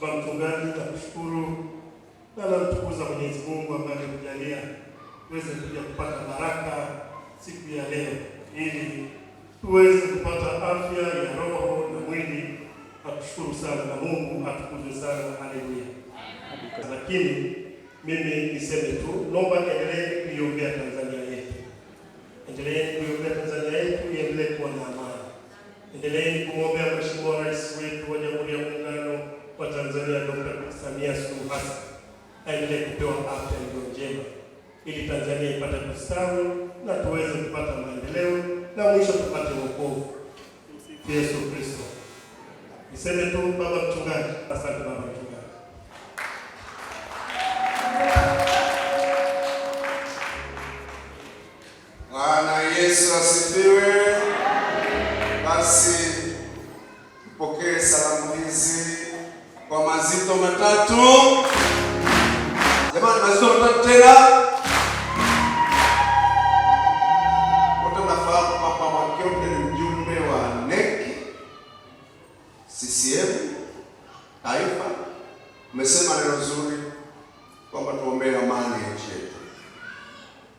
Baba mchungaji, nakushukuru na namtukuza Mwenyezi Mungu ambaye amekujalia tuweze kuja kupata baraka siku ya leo, ili tuweze kupata afya ya roho na mwili. Nakushukuru sana na Mungu atukuzwe sana. Haleluya. Lakini mimi niseme tu, naomba niendelee kuiombea Tanzania yetu, endeleeni kuiombea Tanzania yetu iendelee kuwa na amani, endeleeni kumwombea Mheshimiwa Rais wetu aendelee kupewa afya iliyo njema, ili Tanzania ipate kustawi na tuweze kupata maendeleo na mwisho tupate wokovu. Yesu Kristo. Niseme tu baba mchungaji, asante baba mchungaji. Bwana Yesu asifiwe. Basi mpokee salamu hizi kwa mazito matatu tunasoma tena. Wote mnafahamu kwamba Mwakyembe ni mjumbe wa NEC CCM taifa. Mmesema neno zuri kwamba tuombee amani ya nchi yetu,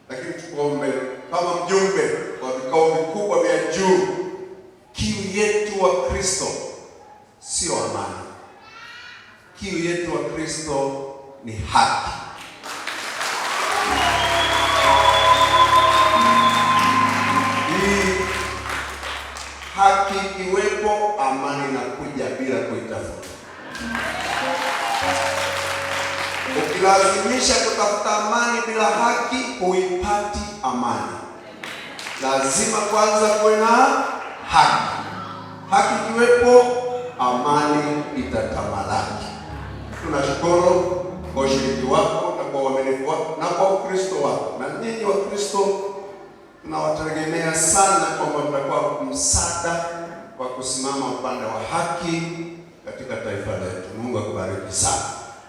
lakini tuombe kama mjumbe wa vikao vikubwa vya juu, kiu yetu wa Kristo sio amani, kiu yetu wa Kristo ni haki. haki iwepo, amani inakuja bila kuitafuta. Ukilazimisha kutafuta amani bila haki, huipati amani. Lazima kwanza kuwe na haki. Haki ikiwepo, amani itatamalaki. Tunashukuru kwa ushiriki wako na kwa uaminifu wako na kwa Ukristo wako, na nyinyi Wakristo tunawategemea sana kwamba mtakuwa msa kusimama upande wa haki katika taifa letu. Mungu akubariki sana.